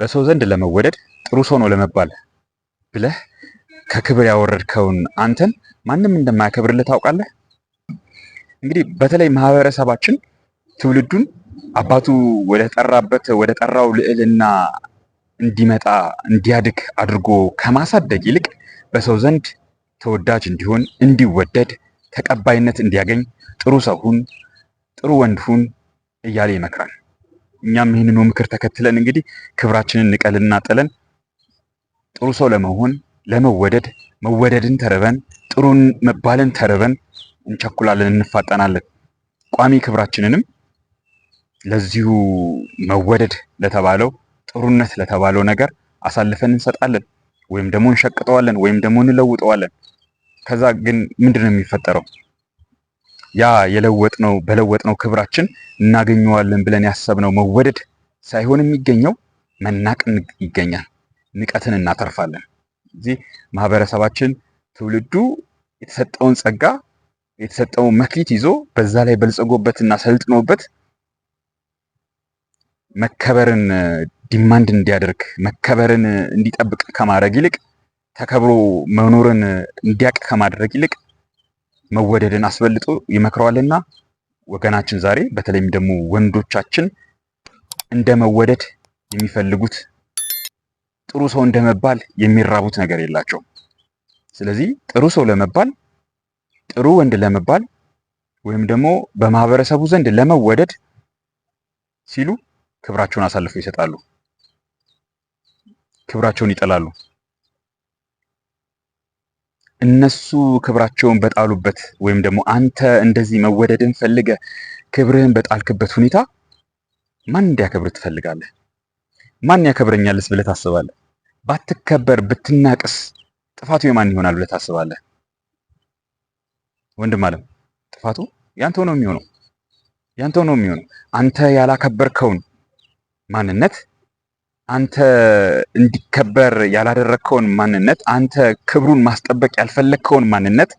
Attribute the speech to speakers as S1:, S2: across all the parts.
S1: በሰው ዘንድ ለመወደድ ጥሩ ሰው ነው ለመባል ብለህ ከክብር ያወረድከውን አንተን ማንም እንደማያከብርልህ ታውቃለህ። እንግዲህ በተለይ ማህበረሰባችን ትውልዱን አባቱ ወደ ጠራበት ወደ ጠራው ልዕልና እንዲመጣ እንዲያድግ አድርጎ ከማሳደግ ይልቅ በሰው ዘንድ ተወዳጅ እንዲሆን እንዲወደድ ተቀባይነት እንዲያገኝ ጥሩ ሰው ሁን፣ ጥሩ ወንድ ሁን እያለ ይመክራል። እኛም ይህንኑ ምክር ተከትለን እንግዲህ ክብራችንን ንቀልና ጥለን ጥሩ ሰው ለመሆን ለመወደድ መወደድን ተርበን ጥሩን መባልን ተርበን እንቸኩላለን፣ እንፋጠናለን። ቋሚ ክብራችንንም ለዚሁ መወደድ ለተባለው ጥሩነት ለተባለው ነገር አሳልፈን እንሰጣለን፣ ወይም ደግሞ እንሸቅጠዋለን፣ ወይም ደግሞ እንለውጠዋለን። ከዛ ግን ምንድን ነው የሚፈጠረው? ያ የለወጥነው በለወጥነው ክብራችን እናገኘዋለን ብለን ያሰብነው መወደድ ሳይሆን የሚገኘው መናቅ ይገኛል። ንቀትን እናተርፋለን። እዚህ ማህበረሰባችን ትውልዱ የተሰጠውን ጸጋ የተሰጠውን መክሊት ይዞ በዛ ላይ በልጸጎበትና ሰልጥኖበት መከበርን ዲማንድ እንዲያደርግ መከበርን እንዲጠብቅ ከማድረግ ይልቅ ተከብሮ መኖርን እንዲያቅ ከማድረግ ይልቅ መወደድን አስበልጦ ይመክረዋልና ወገናችን ዛሬ በተለይም ደግሞ ወንዶቻችን እንደ መወደድ የሚፈልጉት ጥሩ ሰው እንደመባል የሚራቡት ነገር የላቸው። ስለዚህ ጥሩ ሰው ለመባል ጥሩ ወንድ ለመባል ወይም ደግሞ በማህበረሰቡ ዘንድ ለመወደድ ሲሉ ክብራቸውን አሳልፈው ይሰጣሉ፣ ክብራቸውን ይጠላሉ። እነሱ ክብራቸውን በጣሉበት ወይም ደግሞ አንተ እንደዚህ መወደድን ፈልገ ክብርህን በጣልክበት ሁኔታ ማን እንዲያከብር ትፈልጋለህ? ማን ያከብረኛልስ ብለህ ታስባለህ? ባትከበር ብትናቅስ ጥፋቱ የማን ይሆናል ብለህ ታስባለህ? ወንድም አለም ጥፋቱ ያንተ ነው የሚሆነው ያንተ ነው የሚሆነው። አንተ ያላከበርከውን ማንነት አንተ እንዲከበር ያላደረግከውን ማንነት፣ አንተ ክብሩን ማስጠበቅ ያልፈለግከውን ማንነት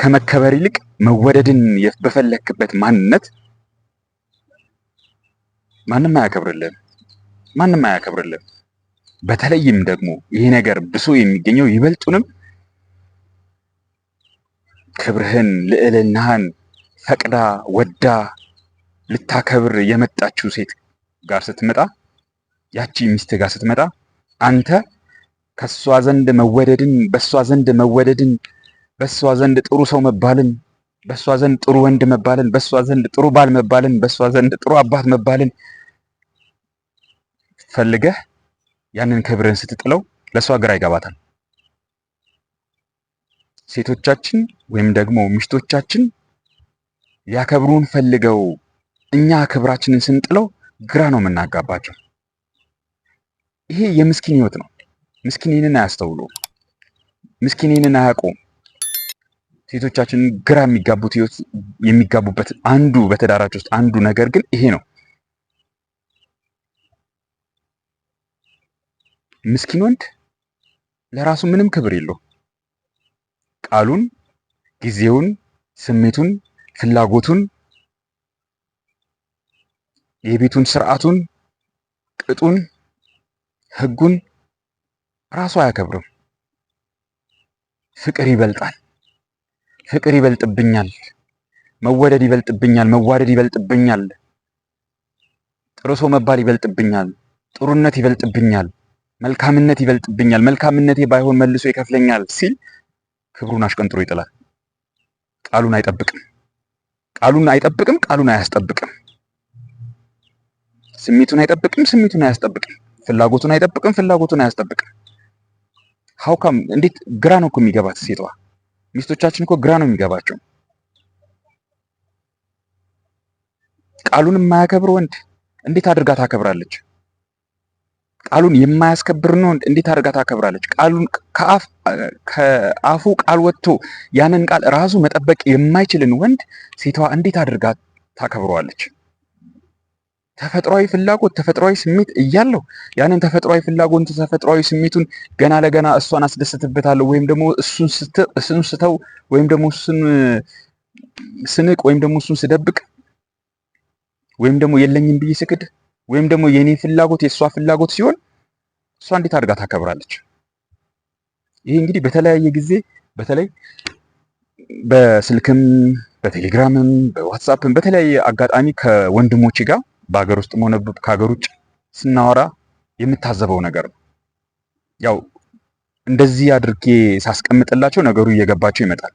S1: ከመከበር ይልቅ መወደድን በፈለግክበት ማንነት ማንም አያከብርልም፣ ማንም አያከብርልም። በተለይም ደግሞ ይሄ ነገር ብሶ የሚገኘው ይበልጡንም ክብርህን ልዕልናህን ፈቅዳ ወዳ ልታከብር የመጣችው ሴት ጋር ስትመጣ ያቺ ሚስት ጋር ስትመጣ አንተ ከእሷ ዘንድ መወደድን በእሷ ዘንድ መወደድን በእሷ ዘንድ ጥሩ ሰው መባልን በእሷ ዘንድ ጥሩ ወንድ መባልን በእሷ ዘንድ ጥሩ ባል መባልን በእሷ ዘንድ ጥሩ አባት መባልን ፈልገህ ያንን ክብርን ስትጥለው ለእሷ ግራ ይገባታል። ሴቶቻችን ወይም ደግሞ ሚስቶቻችን ሊያከብሩን ፈልገው እኛ ክብራችንን ስንጥለው ግራ ነው የምናጋባቸው። ይሄ የምስኪን ህይወት ነው። ምስኪኔንን አያስተውሉ፣ ምስኪኔንን አያውቁም። ሴቶቻችን ግራ የሚጋቡት ህይወት የሚጋቡበት አንዱ በትዳራቸው ውስጥ አንዱ ነገር ግን ይሄ ነው። ምስኪን ወንድ ለራሱ ምንም ክብር የለው። ቃሉን፣ ጊዜውን፣ ስሜቱን፣ ፍላጎቱን፣ የቤቱን ስርዓቱን፣ ቅጡን ህጉን ራሱ አያከብርም። ፍቅር ይበልጣል፣ ፍቅር ይበልጥብኛል፣ መወደድ ይበልጥብኛል፣ መዋደድ ይበልጥብኛል፣ ጥሩ ሰው መባል ይበልጥብኛል፣ ጥሩነት ይበልጥብኛል፣ መልካምነት ይበልጥብኛል፣ መልካምነቴ ባይሆን መልሶ ይከፍለኛል ሲል ክብሩን አሽቀንጥሮ ይጥላል። ቃሉን አይጠብቅም፣ ቃሉን አይጠብቅም፣ ቃሉን አያስጠብቅም፣ ስሜቱን አይጠብቅም፣ ስሜቱን አያስጠብቅም። ፍላጎቱን አይጠብቅም፣ ፍላጎቱን አያስጠብቅም። ሀውካም እንዴት ግራ ነው እኮ የሚገባት ሴቷ። ሚስቶቻችን እኮ ግራ ነው የሚገባቸው። ቃሉን የማያከብር ወንድ እንዴት አድርጋ ታከብራለች? ቃሉን የማያስከብርን ወንድ እንዴት አድርጋ ታከብራለች? ቃሉን ከአፉ ቃል ወጥቶ ያንን ቃል ራሱ መጠበቅ የማይችልን ወንድ ሴቷ እንዴት አድርጋ ታከብረዋለች? ተፈጥሯዊ ፍላጎት ተፈጥሯዊ ስሜት እያለው ያንን ተፈጥሯዊ ፍላጎት ተፈጥሯዊ ስሜቱን ገና ለገና እሷን አስደስትበታለሁ ወይም ደግሞ እሱን ስተው ወይም ደግሞ እሱን ስንቅ ወይም ደግሞ እሱን ስደብቅ ወይም ደግሞ የለኝም ብዬ ስክድ ወይም ደግሞ የኔ ፍላጎት የእሷ ፍላጎት ሲሆን እሷ እንዴት አድርጋ ታከብራለች? ይሄ እንግዲህ በተለያየ ጊዜ በተለይ በስልክም በቴሌግራምም በዋትሳፕም በተለያየ አጋጣሚ ከወንድሞች ጋር በሀገር ውስጥ ሆነ ከሀገር ውጭ ስናወራ የምታዘበው ነገር ነው። ያው እንደዚህ አድርጌ ሳስቀምጥላቸው ነገሩ እየገባቸው ይመጣል።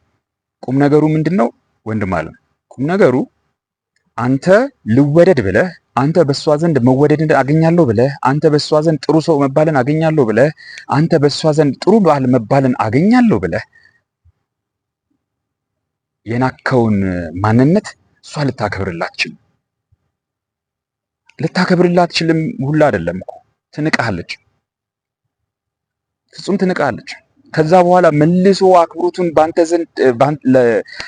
S1: ቁም ነገሩ ምንድን ነው ወንድም አለም? ቁም ነገሩ አንተ ልወደድ ብለህ አንተ በእሷ ዘንድ መወደድን አገኛለሁ ብለህ አንተ በእሷ ዘንድ ጥሩ ሰው መባልን አገኛለሁ ብለህ አንተ በእሷ ዘንድ ጥሩ ባል መባልን አገኛለሁ ብለህ የናከውን ማንነት እሷ ልታከብርላችን ልታከብርላት ትችልም ሁላ አይደለም እኮ ትንቃለች፣ ፍጹም ትንቃለች። ከዛ በኋላ መልሶ አክብሮቱን ባንተ ዘንድ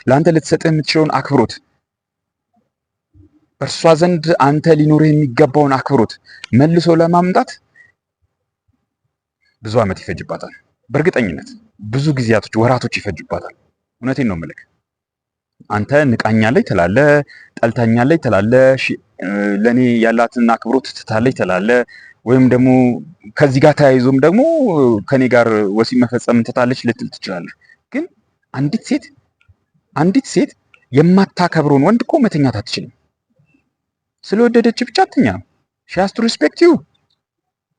S1: ለአንተ ልትሰጥህ የምትችለውን አክብሮት በእርሷ ዘንድ አንተ ሊኖርህ የሚገባውን አክብሮት መልሶ ለማምጣት ብዙ ዓመት ይፈጅባታል። በእርግጠኝነት ብዙ ጊዜያቶች፣ ወራቶች ይፈጅባታል። እውነቴን ነው የምልህ። አንተ ንቃኛለች ትላለህ፣ ጠልታኛለች ትላለህ፣ ለእኔ ያላትን አክብሮት ትታለች ትላለህ። ወይም ደግሞ ከዚህ ጋር ተያይዞም ደግሞ ከኔ ጋር ወሲብ መፈጸም ትታለች ልትል ትችላለህ። ግን አንዲት ሴት አንዲት ሴት የማታከብረውን ወንድ እኮ መተኛት አትችልም። ስለወደደች ብቻ አትኛ። ሺ ሪስፔክት ዩ።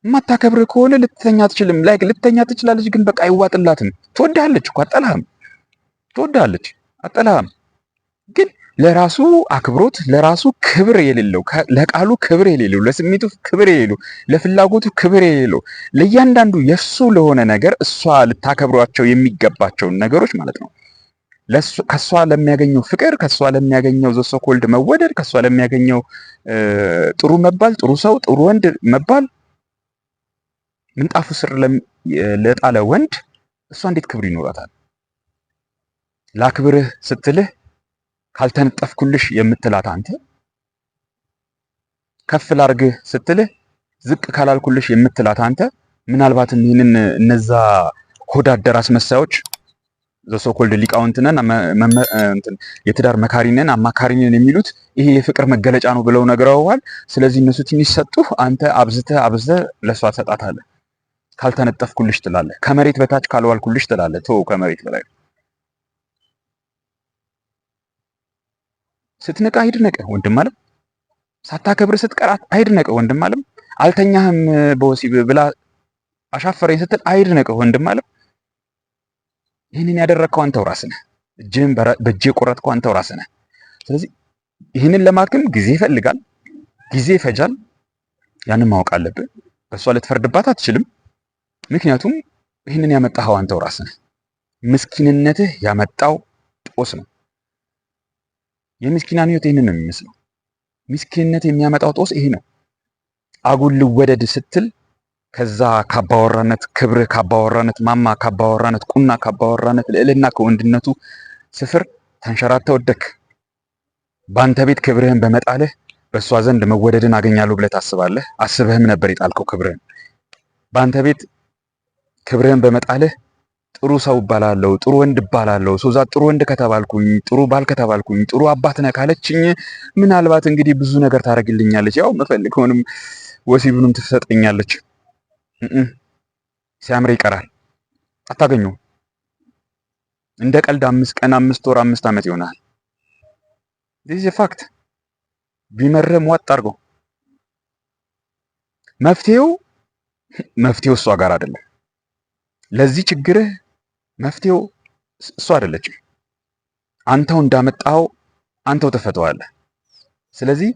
S1: የማታከብር ከሆነ ልትተኛ አትችልም። ላይክ ልትተኛ ትችላለች፣ ግን በቃ አይዋጥላትም። ትወድሃለች እኮ አጠላህም። ትወድሃለች አጠላህም ግን ለራሱ አክብሮት ለራሱ ክብር የሌለው ለቃሉ ክብር የሌለው ለስሜቱ ክብር የሌለው ለፍላጎቱ ክብር የሌለው ለእያንዳንዱ የእሱ ለሆነ ነገር እሷ ልታከብሯቸው የሚገባቸውን ነገሮች ማለት ነው ከእሷ ለሚያገኘው ፍቅር ከእሷ ለሚያገኘው ዘሶኮልድ መወደድ ከእሷ ለሚያገኘው ጥሩ መባል ጥሩ ሰው ጥሩ ወንድ መባል ምንጣፉ ስር ለጣለ ወንድ እሷ እንዴት ክብር ይኖራታል? ላክብርህ ስትልህ ካልተነጠፍኩልሽ የምትላት አንተ ከፍ ላርግህ ስትልህ ዝቅ ካላልኩልሽ የምትላት አንተ ምናልባትም ይህንን እነዛ ሆድ አደር አስመሳዮች ዘሶኮልድ ሊቃውንትነን የትዳር መካሪነን አማካሪነን የሚሉት ይሄ የፍቅር መገለጫ ነው ብለው ነግረውዋል። ስለዚህ እነሱ ትንሽ ሰጡህ፣ አንተ አብዝተህ አብዝተህ ለእሷ ትሰጣታለህ። ካልተነጠፍኩልሽ ትላለህ፣ ከመሬት በታች ካልዋልኩልሽ ትላለህ። ተው ከመሬት በላይ ስትንቃ አይድነቀ ወንድም አለም። ሳታከብር ስትቀራት አይድነቀ ወንድም አለም። አልተኛህም በወሲብ ብላ አሻፈረኝ ስትል አይድነቀ ወንድም አለም። ይህንን ያደረግከው አንተው ራስ ነህ። እጅህን በእጅ የቆረጥከው አንተው ራስ ነህ። ስለዚህ ይህንን ለማክም ጊዜ ይፈልጋል፣ ጊዜ ይፈጃል። ያንን ማወቅ አለብን በእሷ ልትፈርድባት አትችልም። ምክንያቱም ይህንን ያመጣኸው አንተው ራስ ነህ። ምስኪንነትህ ያመጣው ጦስ ነው። የምስኪናን ህይወት ይህንን ነው የሚመስለው። ምስኪንነት የሚያመጣው ጦስ ይሄ ነው። አጉል ልወደድ ስትል ከዛ ካባወራነት ክብር፣ ካባወራነት ማማ፣ ካባወራነት ቁና፣ ካባወራነት ልዕልና ከወንድነቱ ስፍር ተንሸራተ ወደክ። በአንተ ቤት ክብርህን በመጣልህ በእሷ ዘንድ መወደድን አገኛለሁ ብለህ ታስባለህ። አስበህም ነበር የጣልከው ክብርህን በአንተ ቤት ክብርህን በመጣልህ ጥሩ ሰው እባላለሁ፣ ጥሩ ወንድ እባላለሁ። ሶዛ ጥሩ ወንድ ከተባልኩኝ፣ ጥሩ ባል ከተባልኩኝ፣ ጥሩ አባት ነህ ካለችኝ ምናልባት እንግዲህ ብዙ ነገር ታደርግልኛለች። ያው መፈልገውንም ወሲብንም ትሰጠኛለች። ሲያምር ይቀራል፣ አታገኘውም። እንደ ቀልድ አምስት ቀን አምስት ወር አምስት ዓመት ይሆናል። ዚህ ፋክት ቢመርም ዋጥ አድርገው መፍትሄው መፍትሄው እሷ ጋር አይደለም። ለዚህ ችግርህ መፍትሄው እሱ አይደለችም። አንተው እንዳመጣው አንተው ተፈተዋለህ። ስለዚህ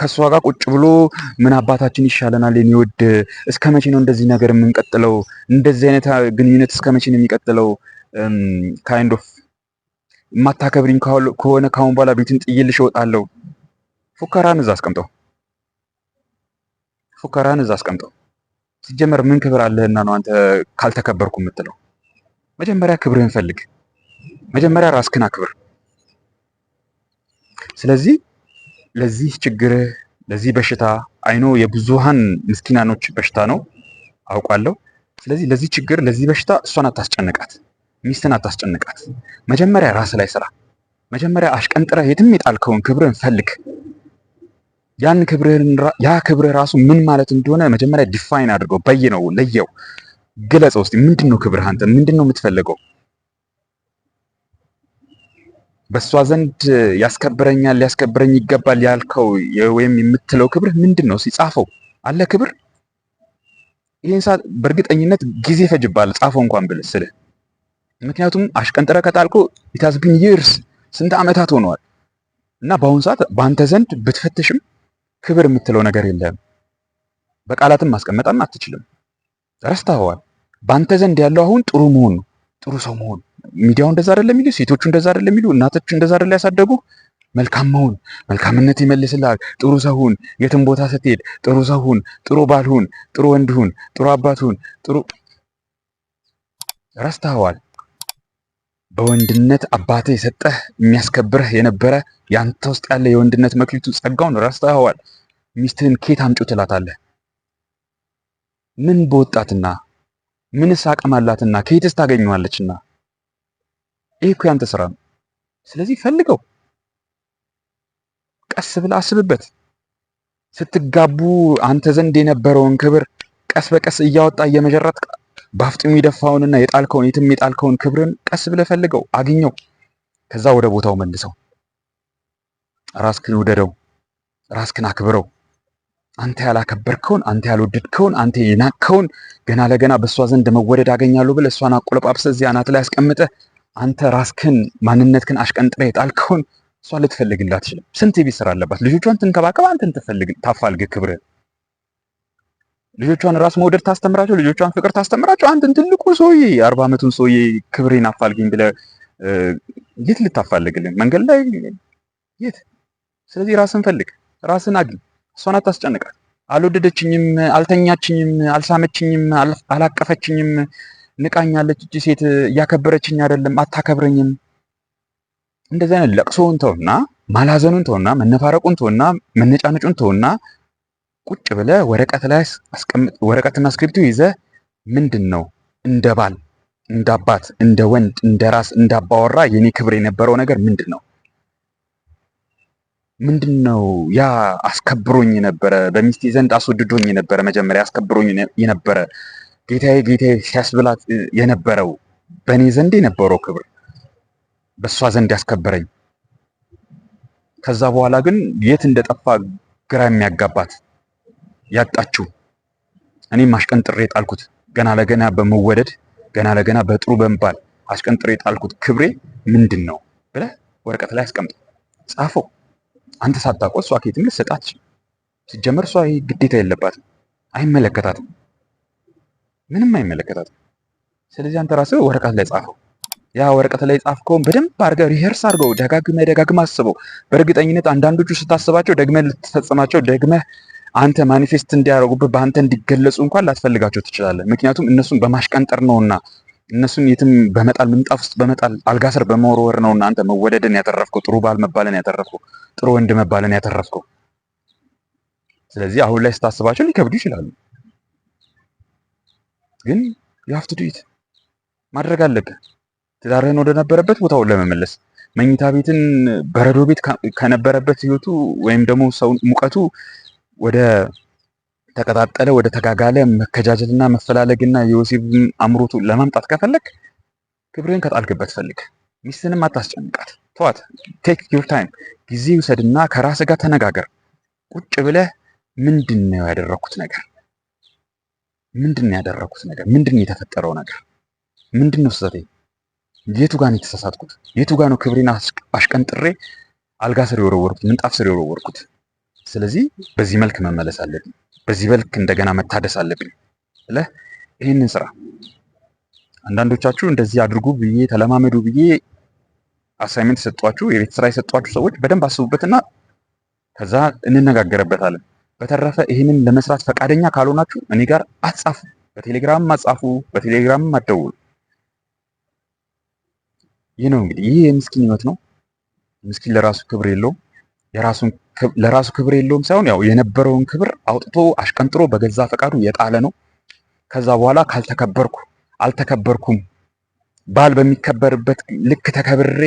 S1: ከእሷ ጋር ቁጭ ብሎ ምን አባታችን ይሻለናል የሚወድ እስከ መቼ ነው እንደዚህ ነገር የምንቀጥለው? እንደዚህ አይነት ግንኙነት እስከ መቼ ነው የሚቀጥለው? ካይንድ ኦፍ የማታከብሪኝ ከሆነ ካሁን በኋላ ቤትን ጥይልሽ እወጣለሁ። ፉከራን እዛ አስቀምጠው፣ ፉከራን እዛ አስቀምጠው። ሲጀመር ምን ክብር አለህና ነው አንተ ካልተከበርኩ የምትለው? መጀመሪያ ክብርህን ፈልግ። መጀመሪያ ራስክና አክብር። ስለዚህ ለዚህ ችግርህ ለዚህ በሽታ አይኖ የብዙሃን ምስኪናኖች በሽታ ነው አውቃለሁ። ስለዚህ ለዚህ ችግር ለዚህ በሽታ እሷን አታስጨንቃት፣ ሚስትን አታስጨንቃት። መጀመሪያ ራስ ላይ ስራ። መጀመሪያ አሽቀንጥረህ የትም የጣልከውን ክብርህን ፈልግ። ያን ክብርህን ያ ክብርህ ራሱ ምን ማለት እንደሆነ መጀመሪያ ዲፋይን አድርገው፣ በይነው፣ ለየው። ግለጽ። ውስጥ ምንድን ነው ክብርህ? አንተ ምንድን ነው የምትፈልገው? በእሷ ዘንድ ያስከብረኛል ሊያስከብረኝ ይገባል ያልከው ወይም የምትለው ክብርህ ምንድን ነው? ሲጻፈው አለ ክብር ይህን ሰዓት በእርግጠኝነት ጊዜ ፈጅባል ጻፈው እንኳን ብል ስልህ ምክንያቱም አሽቀንጥረ ከጣልኮ ኢታዝቢን ይርስ ስንት ዓመታት ሆነዋል እና በአሁኑ ሰዓት በአንተ ዘንድ ብትፈትሽም ክብር የምትለው ነገር የለም በቃላትም ማስቀመጣም አትችልም። ረስተዋል። በአንተ ዘንድ ያለው አሁን ጥሩ መሆን ነው፣ ጥሩ ሰው መሆን። ሚዲያው እንደዛ አደለ የሚሉ፣ ሴቶቹ እንደዛ አደለ የሚሉ፣ እናቶች እንደዛ አደለ ያሳደጉ መልካም መሆን መልካምነት ይመልስልሃል። ጥሩ ሰውን የትም ቦታ ስትሄድ ጥሩ ሰውን፣ ጥሩ ባልሁን፣ ጥሩ ወንድሁን፣ ጥሩ አባትሁን፣ ጥሩ ረስተዋል። በወንድነት አባትህ የሰጠህ የሚያስከብርህ የነበረ ያንተ ውስጥ ያለ የወንድነት መክሊቱ ጸጋውን ረስተዋል። ሚስትህን ኬት አምጪው ትላታለህ? ምን በወጣትና ምንስ አቅም አላትና ከየትስ ታገኘዋለችና? ይሄ እኮ ያንተ ስራ ነው። ስለዚህ ፈልገው፣ ቀስ ብለህ አስብበት። ስትጋቡ አንተ ዘንድ የነበረውን ክብር ቀስ በቀስ እያወጣ እየመጀረት ባፍጢሙ የደፋውንና የጣልከውን የትም የጣልከውን ክብርን ቀስ ብለህ ፈልገው፣ አግኘው፣ ከዛ ወደ ቦታው መልሰው። ራስክን ውደደው፣ ራስክን አክብረው። አንተ ያላከበርከውን አንተ ያልወደድከውን አንተ የናቅከውን ገና ለገና በእሷ ዘንድ መወደድ አገኛለሁ ብለህ እሷን አቆለጳጵሰህ እዚህ አናት ላይ አስቀምጠ አንተ ራስክን ማንነትክን አሽቀንጥረ የጣልከውን እሷ ልትፈልግልህ አትችልም። ስንት ቤት ስራ አለባት። ልጆቿን ትንከባከብ፣ አንተን ትፈልግ ታፋልግ ክብር ልጆቿን ራስ መውደድ ታስተምራቸው፣ ልጆቿን ፍቅር ታስተምራቸው። አንተን ትልቁ ሰውዬ አርባ ዓመቱን ሰውዬ ክብሬን አፋልግኝ ብለህ የት ልታፋልግልን? መንገድ ላይ የት? ስለዚህ ራስን ፈልግ፣ ራስን አግኝ። እሷን አታስጨንቃት። አልወደደችኝም፣ አልተኛችኝም፣ አልሳመችኝም፣ አላቀፈችኝም፣ ንቃኛለች፣ እጅ ሴት እያከበረችኝ አይደለም፣ አታከብረኝም። እንደዚህ አይነት ለቅሶውን ተውና ማላዘኑን ተውና መነፋረቁን ተውና መነጫነጩን ተውና ቁጭ ብለ ወረቀት ላይ አስቀምጥ። ወረቀትና ምንድን ነው እንደ ባል እንደ አባት እንደ ወንድ እንደ ራስ እንደ አባወራ የኔ ክብር የነበረው ነገር ምንድን ነው? ምንድን ነው ያ አስከብሮኝ ነበረ፣ በሚስቴ ዘንድ አስወድዶኝ ነበረ። መጀመሪያ አስከብሮኝ የነበረ ጌታዬ ጌታዬ ሲያስብላት የነበረው በእኔ ዘንድ የነበረው ክብር በእሷ ዘንድ ያስከበረኝ፣ ከዛ በኋላ ግን የት እንደጠፋ ግራ የሚያጋባት ያጣችው፣ እኔም አሽቀንጥሬ ጣልኩት። ገና ለገና በመወደድ ገና ለገና በጥሩ በመባል አሽቀንጥሬ ጣልኩት። ክብሬ ምንድን ነው ብለህ ወረቀት ላይ አስቀምጠ? ጻፈው። አንተ ሳታውቀው እሷ ኬትም ልትሰጣች ሲጀመር እሷ ይህ ግዴታ የለባትም፣ አይመለከታትም፣ ምንም አይመለከታትም። ስለዚህ አንተ ራስህ ወረቀት ላይ ጻፈው። ያ ወረቀት ላይ ጻፍከውን በደንብ አድርገህ ሪሄርስ አድርገው ደጋግመህ ደጋግመህ አስበው። በእርግጠኝነት አንዳንዶቹ ስታስባቸው ደግመህ ልትፈጽማቸው ደግመህ አንተ ማኒፌስት እንዲያደርጉብህ በአንተ እንዲገለጹ እንኳን ላትፈልጋቸው ትችላለህ። ምክንያቱም እነሱን በማሽቀንጠር ነውና እነሱን የትም በመጣል ምንጣፍ ውስጥ በመጣል አልጋ ስር በመወርወር ነው እናንተ መወደድን ያተረፍኩ፣ ጥሩ ባል መባልን ያተረፍኩ፣ ጥሩ ወንድ መባልን ያተረፍኩ። ስለዚህ አሁን ላይ ስታስባቸው ሊከብዱ ይችላሉ፣ ግን የሀፍት ዱት ማድረግ አለብህ ትዳርህን ወደ ነበረበት ቦታውን ለመመለስ መኝታ ቤትን በረዶ ቤት ከነበረበት ህይወቱ ወይም ደግሞ ሰው ሙቀቱ ወደ ተቀጣጠለ ወደ ተጋጋለ መከጃጀልና መፈላለግና የወሲብ አምሮቱ ለማምጣት ከፈለግ ክብርህን ከጣልክበት ፈልግ። ሚስትንም አታስጨንቃት፣ ተዋት። ቴክ ዩር ታይም ጊዜ ውሰድና ከራስ ጋር ተነጋገር። ቁጭ ብለህ ምንድን ነው ያደረኩት ነገር? ምንድን ነው ያደረኩት ነገር? ምንድን ነው የተፈጠረው ነገር? ምንድን ነው ስህተቴ? የቱ ጋር ነው የተሳሳትኩት? የቱ ጋር ነው ክብሬን አሽቀንጥሬ አልጋ ስር የወረወርኩት? ምንጣፍ ስር የወረወርኩት? ስለዚህ በዚህ መልክ መመለስ አለብኝ፣ በዚህ መልክ እንደገና መታደስ አለብኝ ብለህ ይህንን ስራ አንዳንዶቻችሁ እንደዚህ አድርጉ ብዬ ተለማመዱ ብዬ አሳይመንት የሰጧችሁ የቤት ስራ የሰጧችሁ ሰዎች በደንብ አስቡበትና ከዛ እንነጋገርበታለን። በተረፈ ይህንን ለመስራት ፈቃደኛ ካልሆናችሁ እኔ ጋር አትጻፉ፣ በቴሌግራም አትጻፉ፣ በቴሌግራም አትደውሉ። ይህ ነው እንግዲህ ይህ የምስኪን ህይወት ነው። ምስኪን ለራሱ ክብር የለውም። ለራሱ ክብር የለውም ሳይሆን ያው የነበረውን ክብር አውጥቶ አሽቀንጥሮ በገዛ ፈቃዱ የጣለ ነው። ከዛ በኋላ ካልተከበርኩ አልተከበርኩም ባል በሚከበርበት ልክ ተከብሬ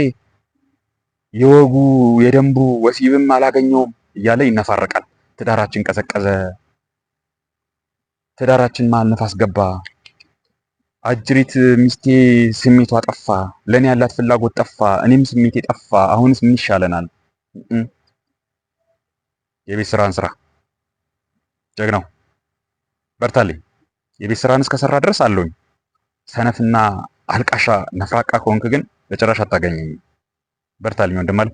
S1: የወጉ የደንቡ ወሲብም አላገኘውም እያለ ይነፋረቃል። ትዳራችን ቀዘቀዘ፣ ትዳራችን መሀል ነፋስ ገባ፣ አጅሪት ሚስቴ ስሜቷ ጠፋ፣ ለእኔ ያላት ፍላጎት ጠፋ፣ እኔም ስሜቴ ጠፋ። አሁንስ ምን ይሻለናል? የቤት ስራን ስራ። ጀግናው በርታልኝ። የቤት ስራን እስከሰራ ድረስ አለውኝ። ሰነፍና አልቃሻ ነፍራቃ ከሆንክ ግን በጭራሽ አታገኘኝ። በርታልኝ ወንድማል